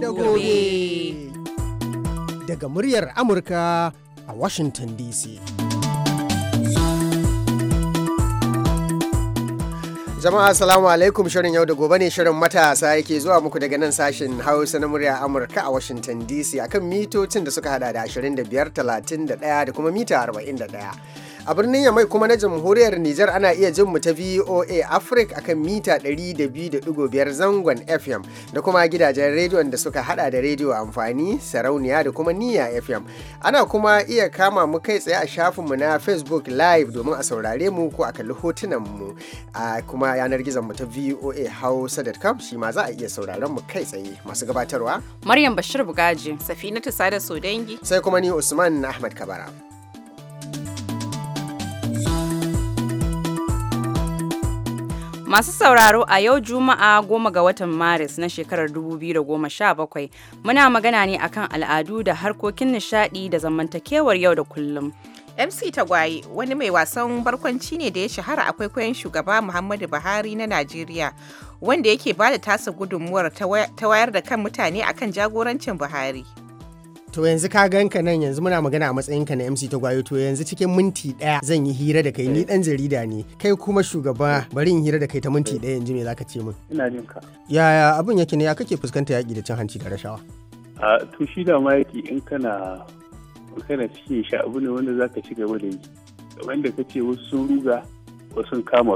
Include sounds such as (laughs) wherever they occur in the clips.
da gobe. Daga muryar Amurka a Washington DC. Jama'a salamu alaikum shirin yau da gobe ne shirin matasa yake zuwa muku daga nan sashen Hausa na murya Amurka a Washington DC akan mitocin da suka hada da 25, 31 da kuma mita 41. A birnin Yamai kuma na jamhuriyar Nijar ana iya jin mu ta VOA Africa akan mita 200.5 zangon FM da kuma gidajen rediyon da suka hada da rediyo amfani, sarauniya da kuma niya FM. Ana kuma iya kama mu kai tsaye a shafinmu na Facebook Live domin a saurare mu ko a kalli hotunan mu a kuma yanar gizon mu ta VOA Hausa.com shi ma za a iya sauraron mu kai tsaye masu gabatarwa. Maryam Bashir Bugaji, Safinatu Sada Sodangi. Sai kuma ni Usman Ahmad Kabara. Masu sauraro a yau Juma'a goma ga watan Maris na shekarar 2017 muna magana ne akan al'adu da harkokin nishadi da zamantakewar yau da kullum. MC Tagwaye wani mai wasan barkwanci ne da ya shahara a kwaikwayon shugaba Muhammadu Buhari na Najeriya wanda yake bada tasa gudunmuwar ta wayar da kan mutane akan jagorancin Buhari. to yanzu ka ganka nan yanzu muna magana a ka na MC ta gwayo to yanzu cikin minti daya zan yi hira da kai ni dan jarida ne kai kuma shugaba bari in hira da kai ta minti ɗaya yanzu me zaka ce min ina jin ka yaya abin yake ne ya kake fuskanta yaƙi da cin hanci da rashawa a to shi da ma yaki in kana kana cikin shi abu ne wanda zaka ci gaba da yi wanda kace wasu sun ruga wasu sun kama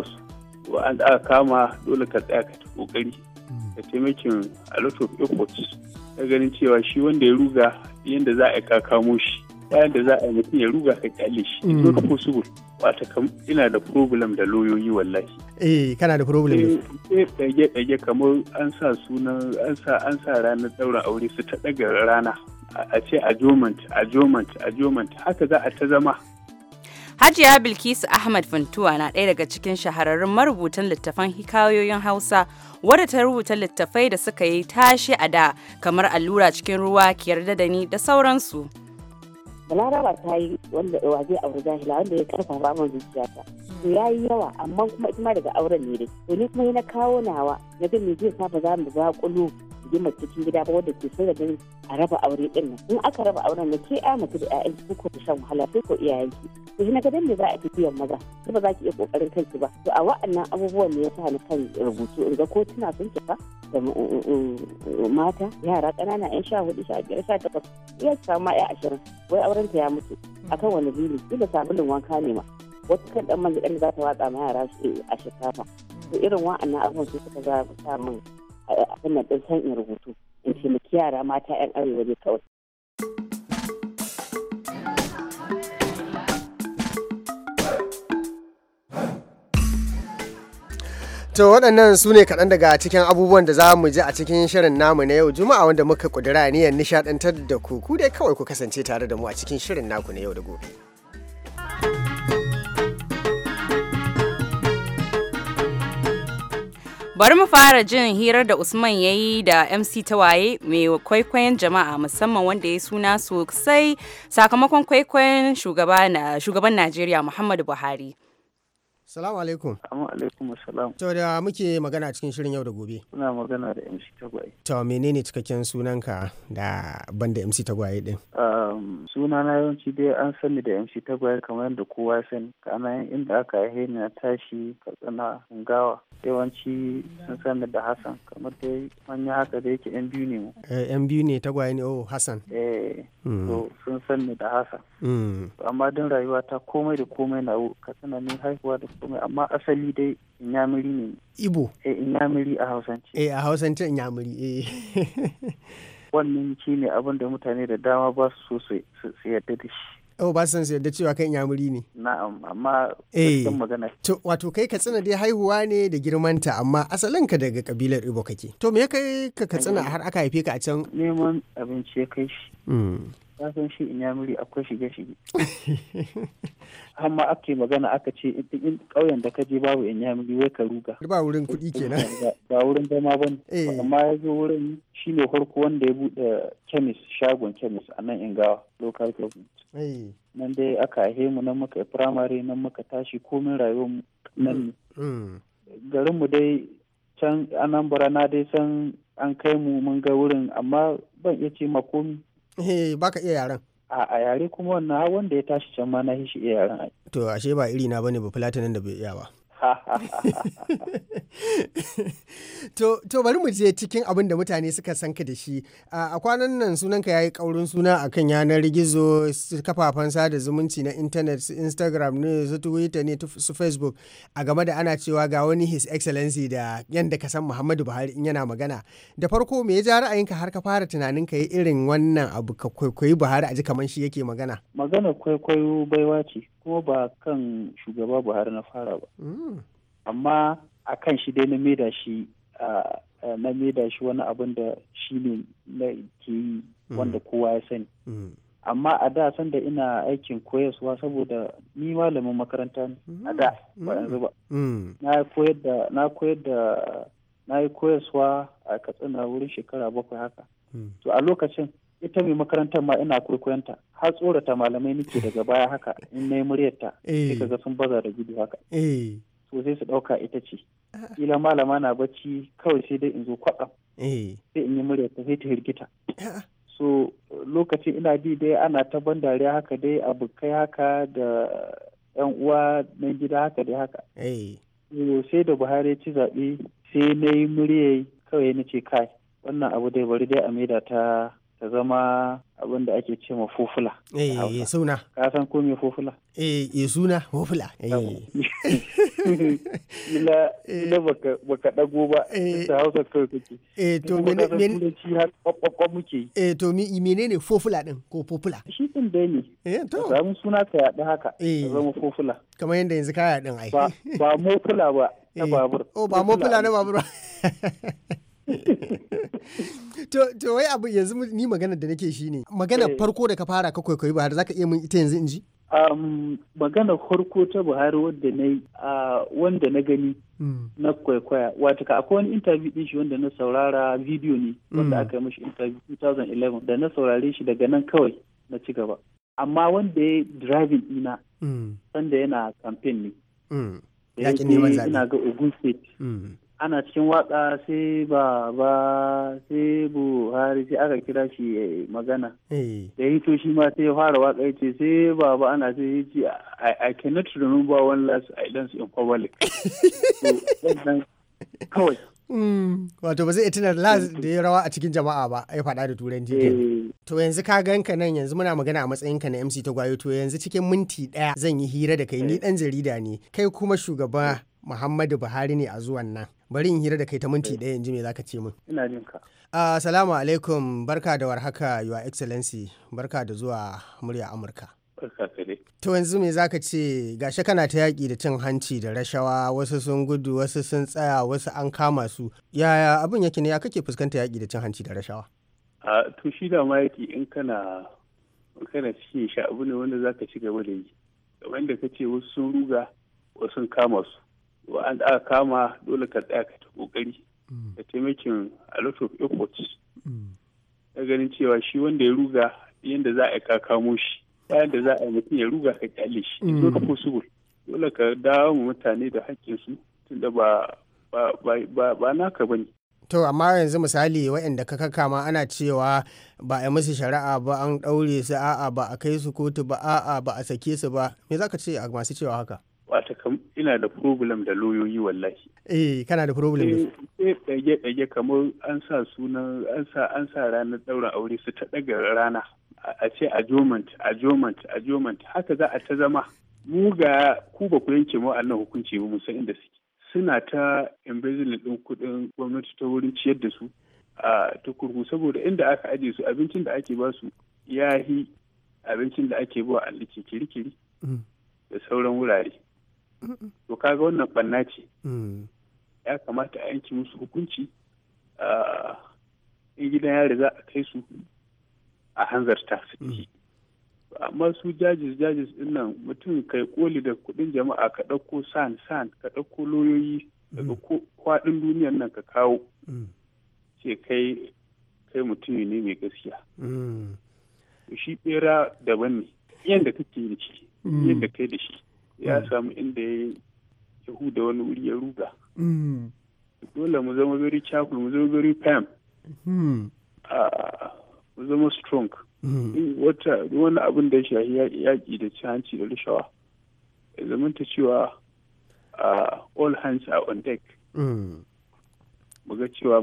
su an aka kama dole ka tsaya ka ta kokari hmm. ka taimakin a lot of efforts na ganin cewa shi wanda ya ruga yadda za a yi kamo shi bayan da za a yi mutum ya ruga ka kyale shi in ka mm. possible wata kam ina da problem da loyoyi wallahi eh kana da problem eh dage eh, dage kamar an sa sunan an sa an sa ranar daura aure su ta ɗaga rana a ce adjournment adjournment adjournment haka za a ta zama Hajiya Bilkisu Ahmad Funtuwa na ɗaya daga cikin shahararrun marubutan littafan hikayoyin Hausa wadda ta rubuta littafai da suka yi tashi a da kamar allura cikin ruwa ki yarda da ni da sauransu. Balaraba ta yi wanda wa zai jahila wanda ya karfa ramar zuciyata. To ya yi yawa amma kuma ita daga auren ne dai. To ni kuma na kawo nawa na ga me zai sa ba za mu gima rigimar cikin gida ba wadda ke so da a raba aure din nan in aka raba auren na ke a mutu da ƴaƴan ku ko shan wahala sai ko ki. to na gadan da za a biyan maza ba za ki iya kokarin kanki ba to a wa'annan abubuwan ne ya sa ni kan rubutu in ga ko tuna sun kifa da eh, eh, eh, mata yara ƙanana yan sha hudu sha biyar sha takwas iya samu ya ashirin wai auren ta ya mutu akan wani bili da sabulun wanka ne ma wata kan dan manja dan za ta watsa ma yara su a shekara to irin wa'annan abubuwan su suka za sa min abin nan din san in rubutu in ce yara mata yan arewa ne kawai To waɗannan su ne kaɗan daga cikin abubuwan da za mu ji a cikin shirin namu na yau juma'a wanda muka ƙudura niyan nishaɗantar da ku ku dai kawai ku kasance tare da mu a cikin shirin naku na yau da gobe. Bari mu fara jin hirar da Usman ya yi da MC waye mai kwaikwayon jama'a musamman wanda ya suna sosai sakamakon kwaikwayon shugaban Najeriya Muhammadu Buhari. Salamu alaikum. Salamu alaikum salam. To da muke magana cikin shirin yau da gobe. Suna magana da MC Tagwaye. To menene cikakken sunanka da banda MC Tagwaye din? Um, suna na yawanci dai an sani da MC Tagwaye kamar yadda kowa ya sani. Kana inda aka yi ni na tashi katsina gawa. Yawanci sun sani da Hassan kamar dai manya haka da yake yan biyu ne mu. Yan eh, biyu ne Tagwaye ne oh Hassan. Eh. Hmm. To sun sani da Hassan. Hmm. Amma don rayuwa ta komai da komai na ka ni haihuwa da amma asali dai inyamiri ne ibo eh inyamiri a hausance eh a hausance inyamiri eh (laughs) wannan shi ne abin da mutane da dama ba su so su yarda da shi Oh, ba san su yarda cewa kan yamuri ne. Na'am, amma eh magana. To, wato kai ka tsina dai haihuwa ne da girmanta amma asalin ka daga kabilar Ibo kake. To me kai ka tsina har aka haife ka a can? Neman abinci ya kai shi. Hmm. ka san shi in yamuri akwai shige shige (laughs) amma ake magana aka ce in ƙauyen da ka je babu in yamuri wai ka ruga ba wurin kuɗi kenan ba wurin zama ba eh. amma ya zo wurin shi ne farko wanda ya buɗe kemis shagon kemis a nan ingawa local government eh. nan dai aka haihe mu nan muka firamare nan muka tashi komin rayuwar nan mm. Mm. garin mu dai can anambra na dai san an kai mu mun ga wurin amma ban iya ce ma Eh baka iya yaren. A a yare kuma wannan wanda ya tashi can ma na shi iya yaren. To ashe ba iri na bane ba platinum da bai iya ba. (laughs) to, bari mu je cikin abin da mutane suka san ka da shi a kwanan nan sunanka ya yi kaurin suna a kan yanar gizo kafafen sada zumunci na intanet su instagram ne su twitter ne su facebook a game da ana cewa ga wani his excellency da yadda ka san muhammadu buhari in yana magana da farko me ya ja ra'ayinka har ka fara tunanin ka yi irin wannan abu ka kwaikwayi buhari a ji kamar shi yake magana magana kwaikwayo baiwa ce kuma ba kan shugaba buhari na fara ba mm. amma a kan shi dai na maida shi na maida shi wani abin da shi ne na ke yi mm. wanda kowa ya sani mm. amma a da sanda ina aikin koyarwa saboda ni malamin makaranta ne a da ba yanzu ba na na yi koyarwa a katsina wurin shekara bakwai haka to a lokacin ita mai makarantar ma ina ta har tsorata malamai nake daga baya haka in na yi muryarta eh. sai ga sun baza da gudu haka eh. to sai su ɗauka ita ce ah. kila malama na bacci kawai sai dai in zo kwaɗa eh. sai in yi muryarta sai ta hirgita ah. so lokaci ina bi dai ana ta ban dariya haka dai abokai haka da yan uwa na gida haka dai haka sai da buhari ci zaɓe sai na yi muryar kawai na ce kai wannan abu dai bari dai a maida ta ta zama abin da ake ce ma fufula. Eh, suna. Ka san ko me fufula? Eh, eh suna fufula. Eh. (laughs) Ila ila baka baka dago ba. Eh. Ta Hausa kai kake. Eh to mene mene shi har kokko muke. Eh to mi menene fufula din ko fufula? Shi din da ne. Eh to. Samu suna ta yaɗa haka. Eh. Ta zama fufula. Kamar yanda yanzu kaya din ai. Ba ba mofula ba. Na eh. babur. Oh ba mofula na babur. (laughs) (laughs) to wai abu yanzu ni magana da nake shi ne magana eh. farko da ka fara ka kwaikwayi buhari zaka iya mun ita yanzu in ji magana farko ta buhari wadda na wanda na gani hmm. na kwaikwaya wato ka akwai wani interview din shi wanda na saurara video ne wanda hmm. aka yi mashi interview 2011 da na saurare shi daga nan kawai na ci gaba amma wanda ya driving ina hmm. sanda yana campaign ne yakin neman zaɓe ina ga ogun state ana cikin waka sai baba sai buhari sai aka kira shi magana eh. da hito shi ma sai fara waka ya ce sai baba ana sai ya ce i cannot remember one last i dance in public (laughs) hmm. wato ba zai tuna last da ya rawa a cikin jama'a ba ya faɗa da turanci eh. to yanzu ka gan ka nan yanzu muna magana a matsayin ka na MC ta gwayo to yanzu cikin minti ɗaya zan yi hira da kai ni dan eh. jarida ne kai kuma shugaba Muhammadu Buhari ne a zuwan nan. Bari in hira da kai ta minti eh. ɗaya in ji me ka ce min. Ina jin ka. Assalamu ah, alaikum barka da warhaka Your Excellency barka da zuwa murya Amurka. To yanzu me zaka ce gashi kana ta yaƙi da cin hanci da rashawa wasu sun gudu wasu sun tsaya wasu an kama su yaya abin yake ne ya kake fuskanta yaƙi da cin hanci da rashawa? A ah, to shi da ma yaƙi in kana kana cikin sha abu ne wanda zaka ci gaba da yi. Wanda ce wasu sun ruga wasu sun kama su. wa'anda aka kama dole ka tsaya ka ta kokari da mm. taimakin a lot of efforts da mm. ganin cewa shi wanda ya ruga yadda za a ka kamo shi bayan da za a yi mutum ya ruga ka kyale shi in ka mm. possible dole ka dawo mu mutane da su tunda ba ba ba naka bane to amma yanzu misali waɗanda ka kama ana cewa ba a musu shari'a ba an ɗaure su a'a ba a kai su kotu ba a'a ba a sake su ba me za ka ce a masu cewa haka wata kam ina da problem da loyoyi wallahi eh kana da problem eh dage eh, dage kamar an sa sunan an sa an sa ranar daura aure su ta daga rana a ce adjournment adjournment adjournment haka za a ta zama mu ga ku ba ku yanke mu annan hukunci mu san inda suke suna ta embezzling din kudin gwamnati ta wurin ciyar da su a tukurku saboda inda aka aje su abincin da ake ba su yahi abincin da ake ba a kirikiri mm. da sauran wurare to kaga wannan banna ce mm. ya kamata a yanki musu hukunci in gidan yari za a kai su a hanzarta su mm. amma su jajis jajis nan mutum kai koli da kudin jama'a ka ɗauko san san ka ɗauko loyoyi daga mm. kwaɗin duniyan nan ka kawo ce kai kai mutum ne mai gaskiya shi bera daban ne yadda kake da kai da shi ya hmm. samu inda ya yahu da wani wuri ya ruga hmm. dole mu zama very careful mu zama very firm hmm. mu zama strong wata wani abin da ya shahi yaƙi da ci hanci da rashawa ya zamanta cewa all hands are on deck mu ga cewa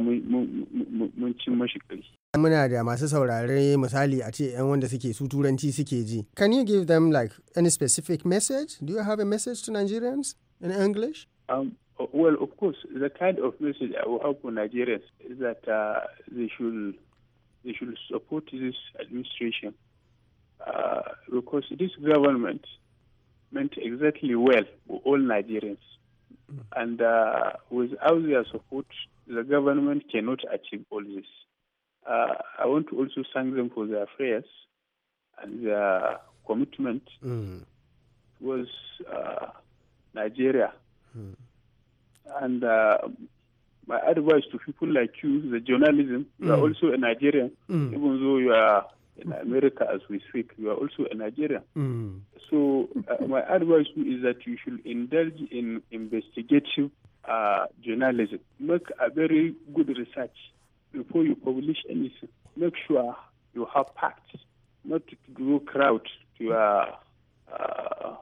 mun cin mashi ƙarfi. muna da masu saurare misali a ce 'yan wanda suke su turanci suke ji can you give them like any specific message do you have a message to nigerians in english um, well of course the kind of message i will have for nigerians is that uh, they should they should support this administration uh, because this government meant exactly well for all nigerians mm. and uh, without their support the government cannot achieve all this uh, I want to also thank them for their prayers and their commitment mm. towards uh, Nigeria. Mm. And uh, my advice to people like you, the journalism, mm. you are hmm. also a Nigerian, hmm. even though you are in America as we speak, you are also a Nigerian. Hmm. So uh, my advice to you is that you should indulge in investigative uh, journalism. Make a very good research before you publish anything, make sure you have facts, not to draw crowd to your uh,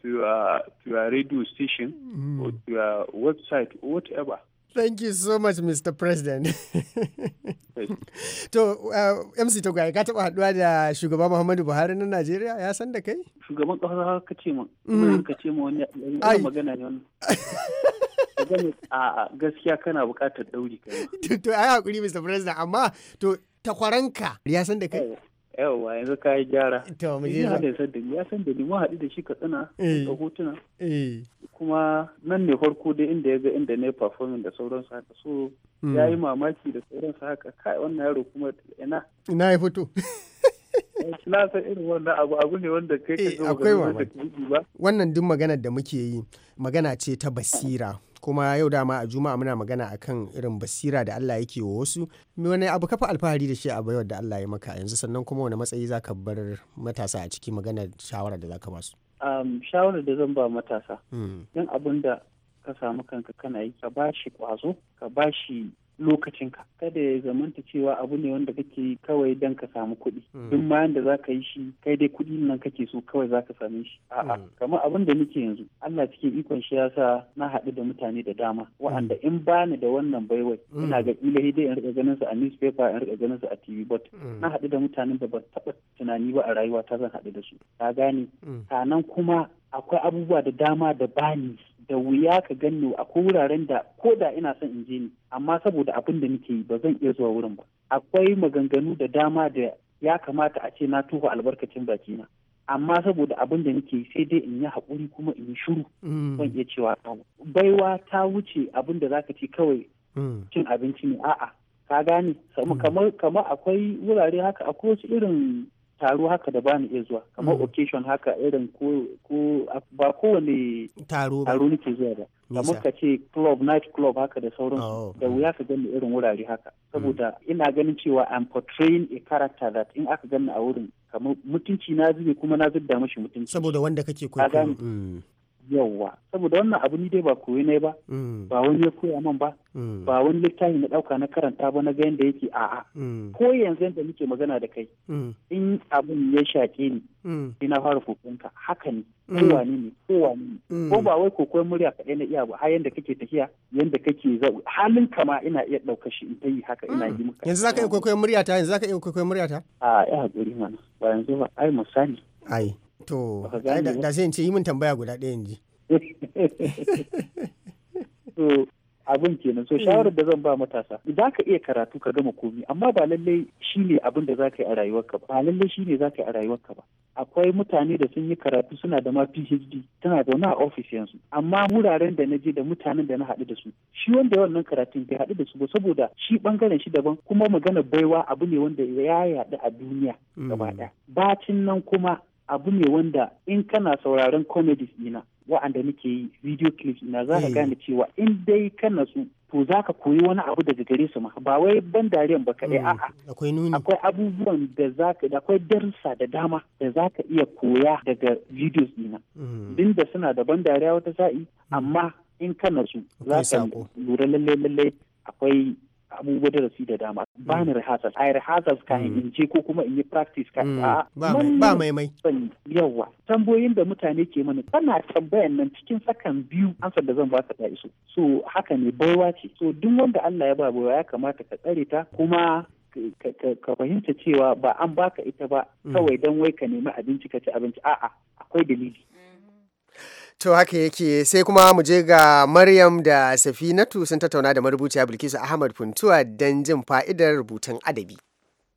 to your, to your radio station mm. or to your website or whatever. Thank you so much, Mr. President. (laughs) to, uh, MC Togwaye, ka taɓa haɗuwa da shugaba Muhammadu Buhari na Najeriya ya san da kai? Shugaban ƙasa ka ce ma, mm. ka ce ma wani magana ne wannan. (laughs) gaskiya kana buƙatar dauri kai (laughs) to ai hakuri Mr President amma to takwaranka ya san da kai yawwa yanzu ka yi gyara to mu je ya san da ya san da ni mu haɗu da shi ka tsina eh. da hotuna eh. kuma nan ne farko dai inda ya ga inda ne performing da sauransu haka so hmm. ya yi mamaki da sauransu haka kai wannan yaro kuma ina ina ya fito (laughs) na san irin wannan abu abu ne wanda kai ka zo eh, ga ba wannan duk maganar da muke yi magana ce ta basira kuma yau dama a juma'a muna magana akan irin basira da Allah yake wa wasu wani abu kafa alfahari da shi a bayar da Allah ya maka yanzu sannan kuma wani matsayi za ka bar matasa a ciki magana shawara da zaka ba su um, shawarar da zan ba matasa hmm. don abin da ka samu kanka kana yi ka bashi kwazo ka bashi lokacinka kada ya zamanta cewa abu ne wanda kake yi kawai don ka samu kuɗi hmm. duk bayan da za ka yi shi kai dai kuɗi nan kake so kawai za ka same shi a'a hmm. kamar abin da muke yanzu Allah cikin ikon shi yasa na haɗu da mutane da dama hmm. wa'anda in bani da wannan baiwai ina ga kila dai in rika ganin su a newspaper in rika ganin su a TV but na haɗu da mutanen da ban taɓa tunani ba a rayuwa ta zan haɗu da su ka gane sanan kuma akwai abubuwa da dama da bani da wuya ka ganni akwai wuraren da ko da ina son in je ni amma saboda abin da nake yi ba zan iya zuwa wurin ba akwai maganganu da dama da ya kamata a ce na tuhu albarkacin baki na amma saboda abin da nake yi sai dai in yi hakuri kuma in yi shiru mm. ban iya cewa baiwa ta wuce abin da zaka ci kawai mm. cin abinci ne a'a ka gane kamar mm. akwai wurare haka akwai wasu irin taro haka da bani iya zuwa kamar mm. occasion haka irin ko ko ba kowane taro nake zuwa ba kamar ka ce club night club haka da sauran oh, da mm. wuya ka gani irin wurare haka mm. saboda ina ganin cewa I'm portraying a character that in aka gani a wurin kamar mutunci na zube kuma na zubda mashi mutunci saboda wanda kake kwaikwayo yauwa saboda wannan abu ni dai ba koyi ne ba mm. ba wani ya koya man ba mm. ba wani littafi na dauka na karanta ba na ga yanda yake a'a mm. ko yanzu yanda muke magana da kai in abun ya shaƙe ni ina fara ka haka ne kowa ne kowa ne ko ba wai kokon murya kaɗai na iya ba har yanda kake tafiya yanda kake zau halin kama ina iya ɗaukar shi in ta yi haka ina yi maka yanzu zaka iya kokoyin murya ta yanzu zaka iya kokoyin murya ta a ya hakuri mana ba yanzu ba ai misali ai to da zai ce yi min tambaya guda ɗaya yanzu (laughs) so abin kenan so shawarar da zan ba matasa za ka iya karatu ka gama komi amma ba lallai shi ne abin da za ka yi a rayuwarka ba ba lallai shi ne za ka yi a rayuwarka ba akwai mutane da sun yi karatu suna da ma PhD tana zaune a ofis yanzu amma wuraren da na je da mutanen da na haɗu da su shi wanda wannan karatun bai haɗu da su ba saboda shi bangaren shi daban kuma magana baiwa abu ne wanda ya yaɗu a duniya mm. gaba ɗaya bacin nan kuma abu ne wanda in kana sauraron comedies dina wa'anda nake yi video clips ina za ka mm. gane cewa in dai kana su to za ka koyi wani abu daga gare su ma ba wai ban dariyan ba kaɗai mm. a'a akwai nuni akwai abubuwan da za ka akwai darussa da dama da za ka iya koya daga videos dina mm. din da suna da ban dariya wata sa'i amma in kana su za ka lura lallai-lallai akwai abubuwa darasi da dama mm. ba ni rehearsal ai rehearsal ka mm. in je ko kuma in yi practice ka mm. a ba mai mai yawa tambayoyin da mutane ke mana kana tambayan nan cikin sakan biyu ansar da zan baka ta iso so haka ne baiwa ce so duk wanda Allah ya ba baiwa ya kamata ka tsare ta kuma ka fahimta cewa ba an baka ita ba kawai don wai ka nemi abinci ka ci abinci a'a akwai dalili To haka yake sai kuma mu je ga Maryam da Safinatu sun tattauna da marubuciya Bilkisu Ahmad Funtuwa don jin fa'idar rubutun adabi.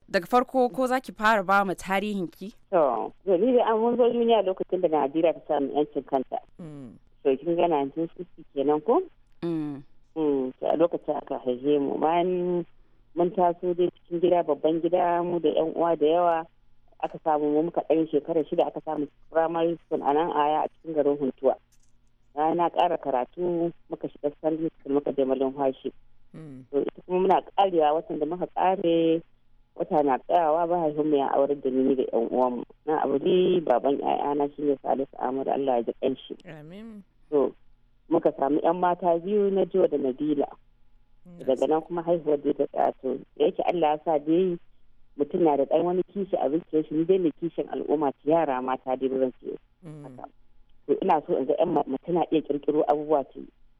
Daga farko ko za ki fara ba mu tarihin ki? To, zoli da an mun zo duniya lokacin da Najeriya ta samu yancin kanta. Mm. To kin gana ga 1960 kenan ko? Mm. Mm, a lokacin aka haife mu bayan mun taso dai cikin gida babban gida mu da yan uwa da yawa. aka samu mu muka ɗan shekara shida aka samu primary school a nan aya a cikin garin huntuwa na ƙara karatu muka shiga secondary school muka je malin hashi hmm. to ita kuma muna ƙarewa watan da muka ƙare wata na tsayawa ba haifin mu ya aure da ni da yan uwanmu na abu ne baban na shine Salisu Ahmad Allah ya ji ƙanshi amin to muka samu ƴan mata biyu na Jiwa da Nabila hmm. daga nan kuma haihuwar da ta tsaya da yake Allah ya sa dai mutum na da ɗan wani kishi a zuciyar shi ni dai kishin al'umma ta yara mata dai ban su mm. to ina so in ga yan mutum na iya kirkiro abubuwa ce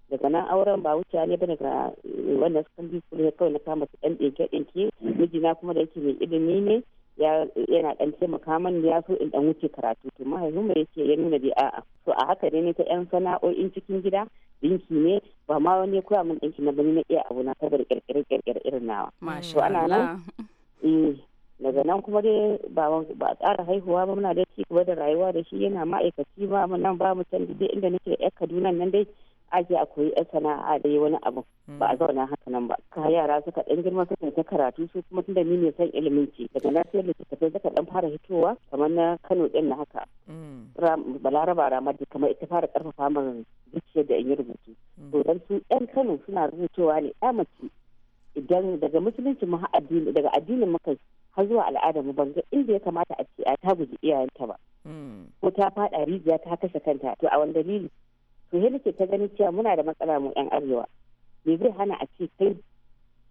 daga nan auren ba wuce ne ba daga eh, wannan secondary school ya kawai na kama su ɗan ɗinke ɗinke mijina kuma da yake mai ilimi ne yana ɗan taimaka mani ya so in ɗan wuce karatu to mahaifin ya ce ya nuna bai a'a to a haka ne ne ta yan sana'o'in cikin gida ɗinki ne ba ma wani ya min ɗinki na bani na iya abu na saboda kirkire kirkire irin nawa to ana nan eh daga nan kuma dai ba a tsara haihuwa ba muna da ci gaba da rayuwa da shi yana ma'aikaci ba mu nan ba mu can dai inda nake yar kaduna nan dai aje a koyi yar sana'a dai wani abu hmm. ba a zauna haka nan ba ka yara suka dan girma suka ta karatu su kuma tunda ni ne san ilimin ci daga nan sai littattafai suka dan fara hitowa kamar na Kano din na haka hmm. balaraba ramar da kamar ita fara karfafa min zuciyar da in yi rubutu hmm. to dan su yan Kano suna rubutowa ne ya mace idan daga musulunci mu addini daga addinin muka har zuwa al'adar mu banga inda ya kamata a ce ta guji iyayenta ba hmm. ko ta fada rijiya ta kashe kanta to a wanda dalili to he nake ta ganin cewa muna da matsala mu yan arewa me zai hana a ce kai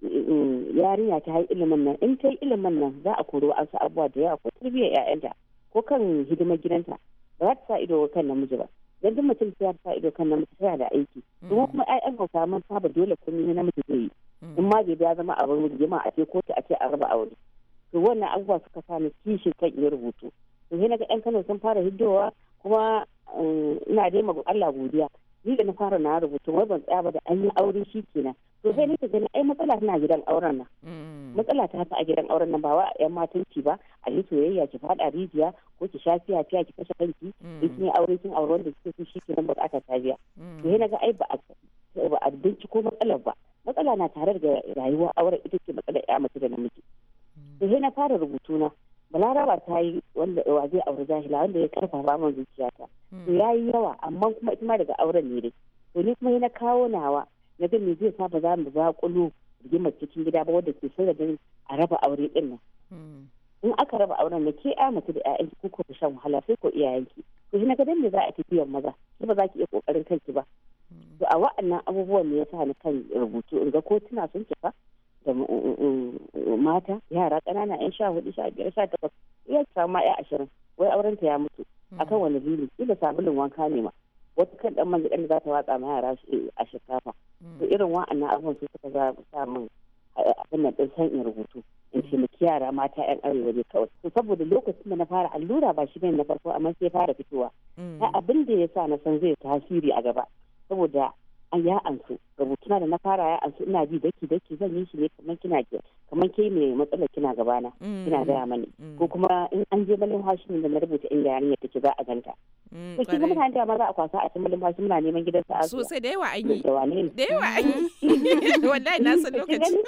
mm, yarinya ta yi ilimin nan in ta yi ilimin nan za a koro an su abubuwa da yawa ko tarbiyya 'ya'yanta ko kan hidimar gidanta ba za ta sa ido kan namiji ba dan duk mutum ta sa ido kan namiji tana da aiki hmm. kuma kuma 'ya'yan hausa mun saba dole komai na namiji zai yi Mm. in ma bai ya zama abin rigima a ce kotu a ce a raba aure to wannan abubuwa suka sa ni kishin kan iya rubutu to sai naga yan Kano sun fara hiddowa kuma um, ina dai ma Allah godiya ni da na fara na rubutu wai ban tsaya ba da an yi aure shi kenan to sai nake gani ai matsala tana gidan auren nan mm. matsala ta ta a gidan auren nan ba wa yan ki ba a yi soyayya ki fada rijiya ko ki sha fiya fiya ki kashe kanki mm. in aure kin auren da kike so shi kenan ka ta biya to sai naga ai ba a ba a binciko matsalar ba matsala na tare da rayuwa auren ita ce matsalar ya mace da namiji da sai na fara rubutu na balaraba ta yi wanda wa zai aure jahila wanda ya karfafa min zuciyata hmm. to ya yi yawa amma kuma ita ma daga auren ne dai to ni kuma na kawo nawa na ga me zai sa ba za mu zaƙulo rigimar cikin gida ba wadda ke sanadin a raba aure din nan hmm. in aka raba auren ne ke a mace da 'ya'yanki ko ku shan wahala sai ko iyayenki to shi na ga dan me za a tafiyan maza ba za ki iya kokarin kanki ba to a wa'annan abubuwan ne ya sa ni kan rubutu in ga kotuna sun cika da mm, mm, mm, mata yara ƙanana yan sha hudu sha biyar sha takwas iya samu ma ya ashirin wai auren ta ya mutu akan wani lili kila sabulin wanka ne ma wata kan dan manzi ɗan za ta watsa ma yara eh, a shinkafa to irin wa'annan abubuwan su suka za sa min eh, abin nan din san in rubutu in taimaki yara mata yan arewa ne kawai to saboda lokacin da na fara allura ba shi bane na farko amma sai fara fitowa a abin da ya sa na san zai tasiri a gaba saboda a ya ansu rubutuna da na fara ya ansu ina bi daki daki zan yi shi ne kamar kina kamar ke mai matsala kina gabana mm. kina gaya mani mm. ko kuma in an je malin ne da na rubuta in inda yarinya take za a ganta mm, to kin mun hanta ma za a kwasa a cikin malin Hashi muna neman gidan sa sosai da yawa an yi da yawa an yi (laughs) wallahi na san lokaci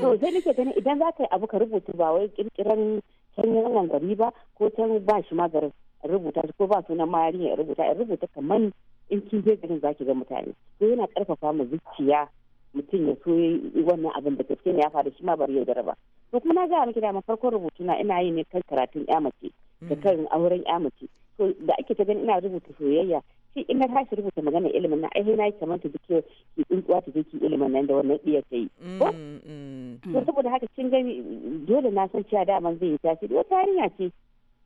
to sai nake ganin idan za ka yi abu ka rubuta ba wai kirkiran can wannan gari ba ko can ba shi ma garin rubuta ko ba sunan ma yarinya rubuta rubuta kamar in kin je garin zaki ga mutane to yana karfafa mu zuciya mutum ya so wannan abin da gaske ne ya faru shi ma bari ya ba to kuma na gaya miki da farkon rubutu na ina yi ne kan karatun ya mace da kan mm. auren ya mace to da ake ta gani ina rubuta soyayya shi in na tashi rubuta magana ilimin na ai na yi kamar ta duke ki tsuntsuwa ta duki ilimin nan da wannan iya ta yi mm, mm. to saboda haka kin gani dole na san cewa daman zai yi tasiri wata hanya ce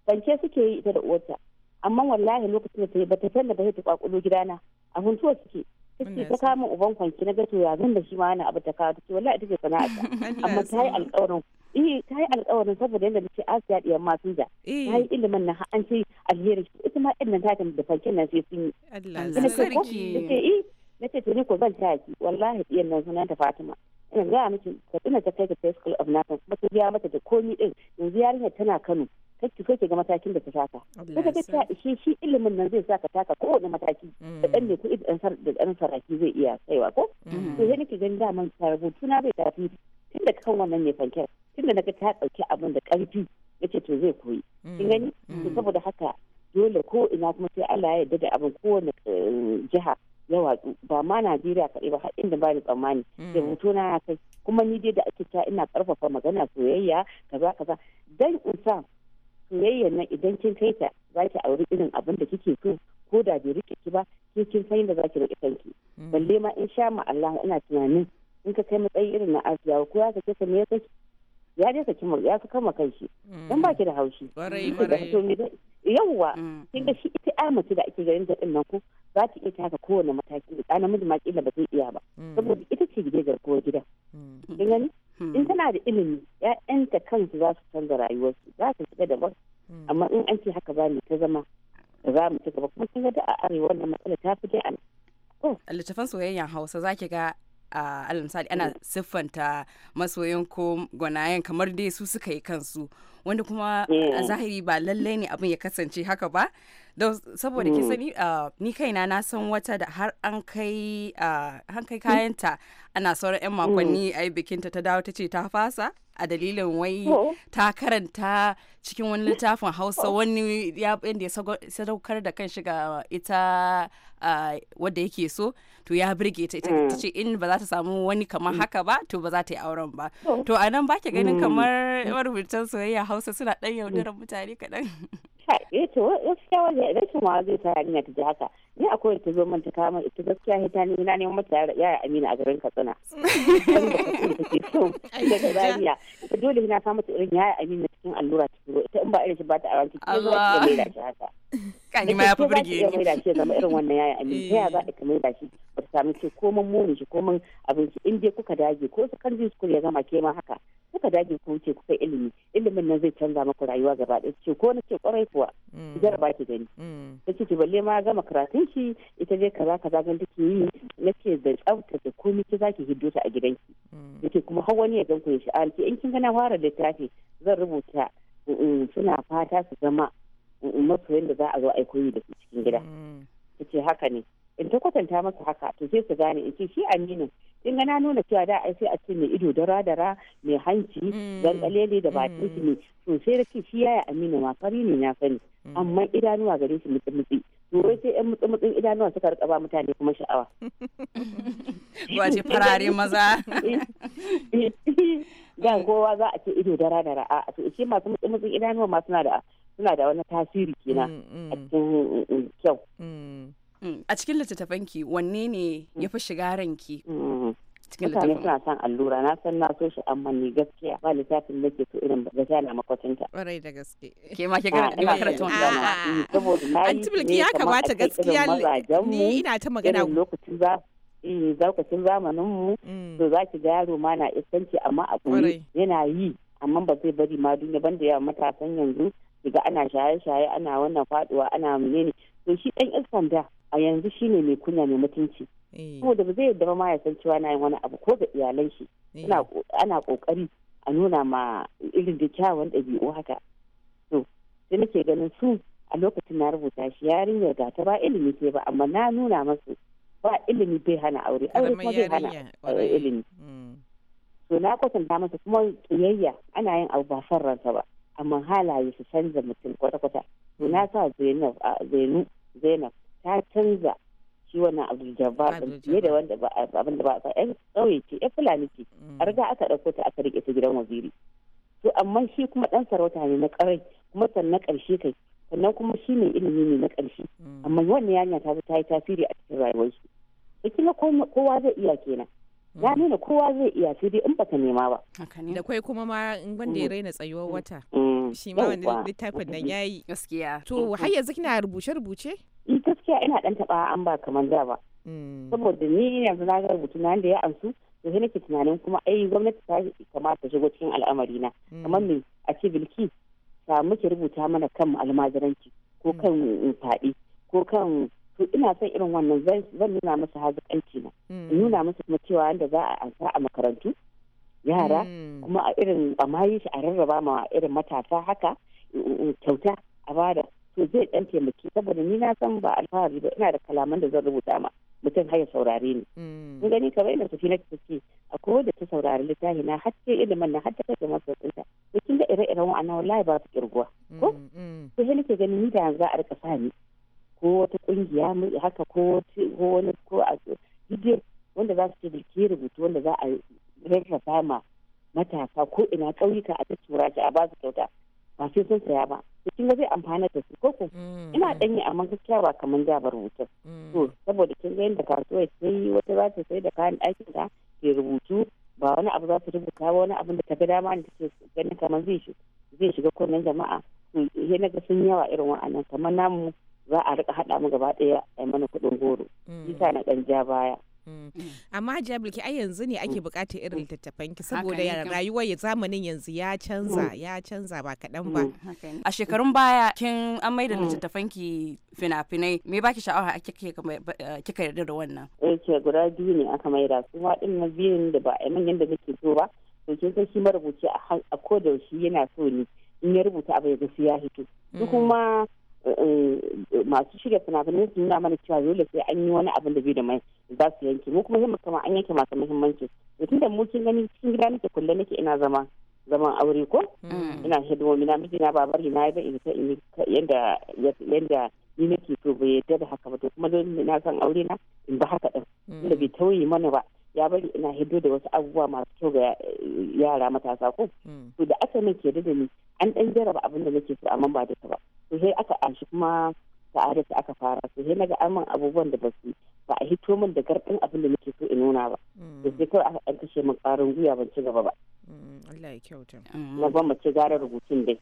banke suke yi ita da uwarta amma wallahi lokacin da ta yi ba ta falla ba ta kwakulo gidana a huntuwa suke suke ta kama uban kwanki na gato ya zan da shi ma wani abu ta kawo take wallahi take sana'a (laughs) amma ta yi alƙawarin eh ta yi alƙawarin saboda yadda nake asiya diyan masu ja eh. ta yi ilimin na an ce alheri ita ma ɗin nan ta da fankin nan sai sun yi Allah na ce eh. tuni ko zan ta yi wallahi diyan nan sunan ta Fatima ina ga miki ka ina ta kai ta school of nursing ba ta biya mata da komi din yanzu yarinyar tana Kano kake so ga matakin da ta taka daga ta ta ishe shi ilimin nan zai saka taka kowane mataki mm. da dan ne ko da dan saraki zai iya kaiwa ko mm. to sai nake gani da man rubutu na bai tafi tunda kan wannan ne fanke tunda naga ta dauki abin da karfi yace to zai koyi mm. kin gani saboda haka dole ko ina kuma sai Allah ya yarda da abin kowane eh, jiha ya watsu ba ma Najeriya kaɗai ba har inda ba ni tsammani da mutu na kai kuma ni dai da ake ta ina karfafa magana soyayya kaza kaza dan in soyayyar nan idan kin kai ta za ki auri irin abin da kike so ko da bai rike ki ba ke kin san yadda za ki rike kanki mm. balle ma in sha ma Allah ina tunanin in ka kai matsayi irin na arziki ko ya kace ka me ya kace ya dai saki ya ka kama kanshi mm. dan baki da haushi yawwa mm. kin ga shi ita ai mace da ake ganin ta din nan ko za ta iya taka kowane mataki da namiji ma kila ba zai iya ba saboda ita ce gidan garkuwar gida kin gani in hmm. tana da ilimi ya'yanta kansu za su canza rayuwarsu za su shiga daban hmm. amma in an ce haka ba ne ta zama da za mu ci gaba kuma kin da a arewa wannan matsala ta fi dai a oh. littafin soyayyen hausa zaki ga a alal misali ana hmm. siffanta masoyan ko gwanayen kamar dai su suka yi kansu wanda kuma a zahiri ba lallai ne abin ya kasance haka ba saboda ki mm. sani ah, ni kaina na san wata da har an kai ah, an kai mm. kayanta ana sauran yan mm. makonni ai bikinta ta dawo ta ce ta fasa a dalilin wai oh. ta karanta cikin wani littafin hausa oh. wani ya ya sadaukar da kan shiga ita ah, wadda yake so to ya birge ta ita ta ce in ba za ta samu wani kamar haka ba to ba za ta yi auren ba oh. to a nan ke ganin kamar marubutan soyayya hausa suna ɗan yaudarar mutane kaɗan eh to gaskiya wani rashin wa zai ta yarinya ta ji haka ni a ta zo man ta kama ita gaskiya hita ne na neman mata yaya Amina a garin Katsina (laughs) daga Zaria ita dole na kama ta irin yaya Amina cikin allura ta zo ita in ba irin shi ba ta aron ciki ko ba ta da shi haka (laughs) kani ma ya fi burge ni da shi zama irin wannan yaya Amina ta ya za ta eh. mai da shi ba ta samu ce ko mun muni shi ko mun abinci in dai kuka dage ko su kan su ya gama ke ma haka kuka dage ku wuce kuka ilimi ilimin nan zai canza maku rayuwa gaba ɗaya ce ko na ce kwarai kuwa Mm. jaraba ki gani mm. ta ce ki balle ma gama karatun ki ita dai kaza kaza gan take yi nake da tsafta da komai ki zaki hiddo ta a gidanki yake mm. kuma har wani ya gan ku shi an in kin gana fara littafi zan rubuta suna fata su zama masoyan da za a zo aikoyi da su cikin gida ta ce haka ne in ta kwatanta masa haka to sai su gane in ce shi aminin in gana na nuna cewa da ai sai a ce mai ido dara dara mai hanci zangalele mm. da bakin shi ne mm. to sai da ke shi yaya aminu ma fari ne na sani mm. amma idanuwa gare shi mutum mutum to wai sai yan mutum mutum idanuwa suka rika ba mutane kuma sha'awa (laughs) wace farare maza da (laughs) kowa za a ce ido dara dara a to shi masu mutum mutum idanuwa ma suna da suna da wani tasiri kenan a cikin kyau Mm. a cikin ki wanne ne mm. ya fi shiga ranki mm. cikin suna son allura na san na so shi amma ni gaskiya ba littafin da ke so irin ba zai na makwatinta ƙwarai da gaske ke ma ke gara ah, ina karatu wannan ah, ah, saboda na yi ne ya kamata gaskiya ni ina ta magana lokacin za zaukacin eh, zamanin mu to za ki ga yaro ma na iskanci amma a yana yi amma ba zai bari ma duniya banda yawan matasan yanzu daga ana shaye-shaye ana wannan faduwa ana menene to shi ɗan yan sanda a yanzu shine mai kunya mai mutunci eh. saboda ba zai yarda ba ma ya san cewa na yin wani abu ko ga iyalan shi eh. ana kokari a nuna ma irin da kyawun ɗabi'u haka to sai nake ganin su a lokacin na rubuta shi yarinyar da ta ba ilimi ke ba amma na nuna masu ba ilimi bai hana aure aure kuma bai hana ilimi mm. to na kwatanta masa kuma kiyayya ana yin abu ba son ransa ba amma halaye su canza mutum kwata-kwata to na sa zainu zainab ta canza shi wani abdul jabbar fiye da wanda ba ba a yan tsawai ce yan fulani ce mm. a riga aka ɗauko ta aka rike ta gidan waziri to amma shi kuma ɗan sarauta ne na ƙarai kuma sannan ƙarshe kai sannan kuma shi ne ilimi ne na ƙarshe mm. amma wannan yanya ta ta yi tasiri a cikin rayuwarsu shi kuma kowa zai iya kenan ya mm. nuna kowa zai iya sai dai in baka nema ba da kwai kuma ma wanda ya mm. raina tsayuwar wata mm. shi ma wani littafin nan yayi gaskiya to mm-hmm. har yanzu kina rubuce rubuce gaskiya ina ɗan taba an ba kamar da ba saboda ni yanzu na ga rubutu na da ya ansu da sai nake tunanin kuma ai gwamnati ta kamata shigo cikin al'amari na kamar me a ce bilki ta muke rubuta mana kan almajiranci ko kan faɗi ko kan to ina son irin wannan zan nuna masa haziƙanci na hmm. in nuna musu kuma cewa yadda za a ansa a makarantu yara hmm. kuma a irin a mayi shi a rarraba ma irin matasa haka kyauta a bada to zai dan taimaki saboda ni na san ba alfahari ba ina da kalaman da zan rubuta ma mutum haya saurari saurare ni hmm. kun gani kamar ina tafi na tafi ko da ta saurari littafi na har ce ilimin na har ta kai masa tsinta to kin ga ire-iren wa'annan wallahi ba su kirguwa ko to sai nake ganin ni da za a rika sa ni ko wata kungiya mai haka ko wani ko a duk wanda za su ce ke rubutu wanda za a rarrafa ma matasa ko ina ƙauyuka a tattura shi a ba su kyauta ba sai sun saya ba to kin ga zai amfana da su ko ko mm, ina danyi mm. amma gaskiya ba kaman da ba rubutun mm. to saboda kin ga yadda kasuwa ta yi wata za ta sai da kayan ɗakin ke rubutu ba wani abu za ta rubuta ba wani abu da ta ga dama da take ganin kamar zai shiga kunnen jama'a to na ga sun yawa irin wa'annan kaman namu za a rika haɗa mu gaba ɗaya a mana kudin goro mm. isa na ɗan ja baya mm. amma jabil ki ai yanzu ne ake mm. bukatar irin littattafan ki saboda rayuwar zamanin yanzu ya canza ya canza ba kaɗan ba a shekarun baya kin an maida littattafan ki fina-finai me baki sha'awar kika yarda da wannan eh, ke guda biyu ne aka maida su ma din na biyun da ba a manyan da nake so ba to kin san shi marubuci a kodayaushe yana so ne in ya rubuta abu ya ga ya hito kuma masu shirya fina-finai su nuna mana cewa dole sai an yi wani abin da da mai za su yanke mu kuma himma kama an yanke masu muhimmanci mutum da mulkin gani cikin gida nake kulle nake ina zama zaman aure ko mm. ina hidimomi na miji na babar na ba in ta in yanda yanda ni nake so bai yadda da haka ba to kuma dole na san aure na in ba haka din da mm. bai tauye mana ba ya bari ina hido da wasu abubuwa masu kyau ga yara matasa ko hmm. to da aka min ke da ni an dan jaraba abin da nake so amma ba da duka ba to sai aka anshi kuma sa'ada ta aka fara to sai naga amin abubuwan da su ba a hito min da gardin abin da nake so in nuna ba hmm. to sai kawai aka dan kashe min karin gwiwa ban ci gaba ba hmm, Allah ya kyauta na mace gara rubutun dai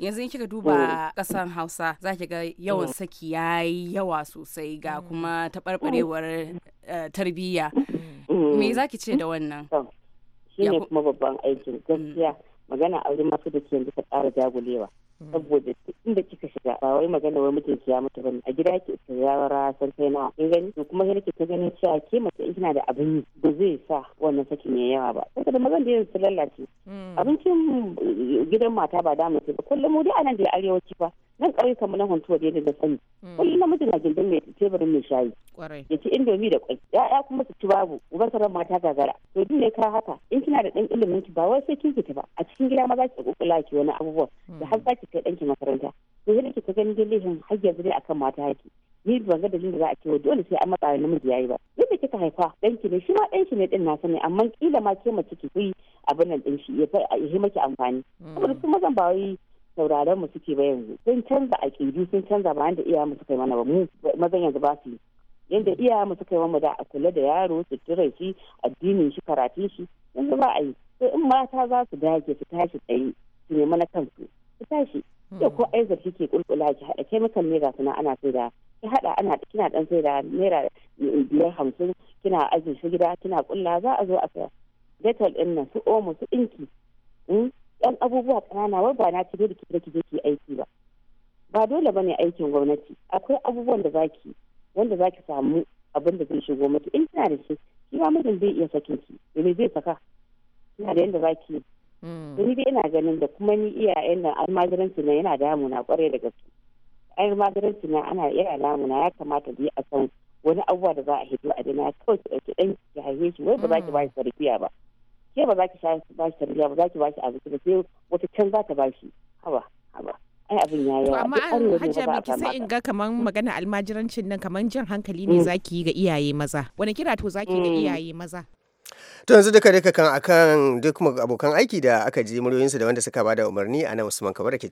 yanzu in kika duba kasan oh. hausa za ki ga yawan oh. saki ya yi yawa sosai ga mm. kuma oh. taɓarɓarewar eh, tarbiyya mm. me za ki ce da wannan shi ne kuma babban aikin mm. gaskiya magana aure masu da ke yanzu ta ƙara jagulewa Mm. saboda inda kika shiga ba wai magana wai mijinki ya mutu bane a gida ke ta yawara san kai na in gani to kuma yake ta ganin cewa ke mace in kina da abin yi ba zai sa wannan sakin ya yawa ba saboda magan da yanzu lallace. Mm. abincin gidan mata ba da ba kullum mu dai anan da arewaci ba. nan ƙauyukan kamar na Hontuwa ne da sani hmm. kullum namiji na gindin mai teburin mai shayi ya ci indomi da kwai ya'ya kuma su ci babu ubar sauran mata gagara to duk ne ka haka in kina da ɗan ilimin ki ba wai sai kin fita ba a cikin gida ma za ki kokula ki wani abubuwa hmm. da har za ki kai ki makaranta to yadda ki ka gani dalilin har yanzu dai akan mata haki ni ban ga dalilin da za a ce dole sai an matsa namiji yayi ba yadda kika haifa ki ne shi ma ki ne din na sani amma kila ma ke mace ki yi abin nan din shi ya yi maki amfani hmm. saboda su mazan ba wai sauraron mu suke ba yanzu sun canza aƙidu sun canza ba da iyayen mu suka yi mana ba mu mazan yanzu ba su yi yadda iyayen mu suka yi mana da a kula da yaro suturar shi addinin shi karatun shi yanzu ba a yi sai in mata za su dage su tashi tsaye su nemi na kansu su tashi ya ko hmm. ai zarfi ke kulkula ki haɗa kai naira ga suna ana sai da ki haɗa ana kina dan sai da naira biyar hamsin kina ajin shi gida kina kulla za a zo a saya detol din nan su omo su ɗinki. Hmm? yan abubuwa ƙanana wai ba na cire da kike ki aiki ba ba dole bane aikin gwamnati akwai abubuwan da zaki wanda zaki samu abin da zai shigo miki in kina da shi shi ma mijin zai iya sakin ki me zai saka kina da yanda zaki hmm. ni dai ina ganin da kuma ni iyayen nan almajiranci na yana damuna kwarai da gaske almajiranci na ana iya damuna ya kamata da a san wani abubuwa da za a hito a dina kawai ki ɗauki ɗan ki haife shi wai ba za ki ba shi hmm. tarbiyya ba ke ba za ki ba shi tarbiyya ba za ki ba shi abinci ba sai wata can za ta ba shi haba haba ai abin ya yawa amma an hajja ba ki sai in ga kaman mm. magana almajirancin nan kaman jan hankali ne mm. zaki yi ga iyaye maza wani kira to ki ga mm. iyaye maza to yanzu duka duka kan akan duk abokan aiki da aka ji muryoyinsu da wanda suka bada umarni a nan usman da ke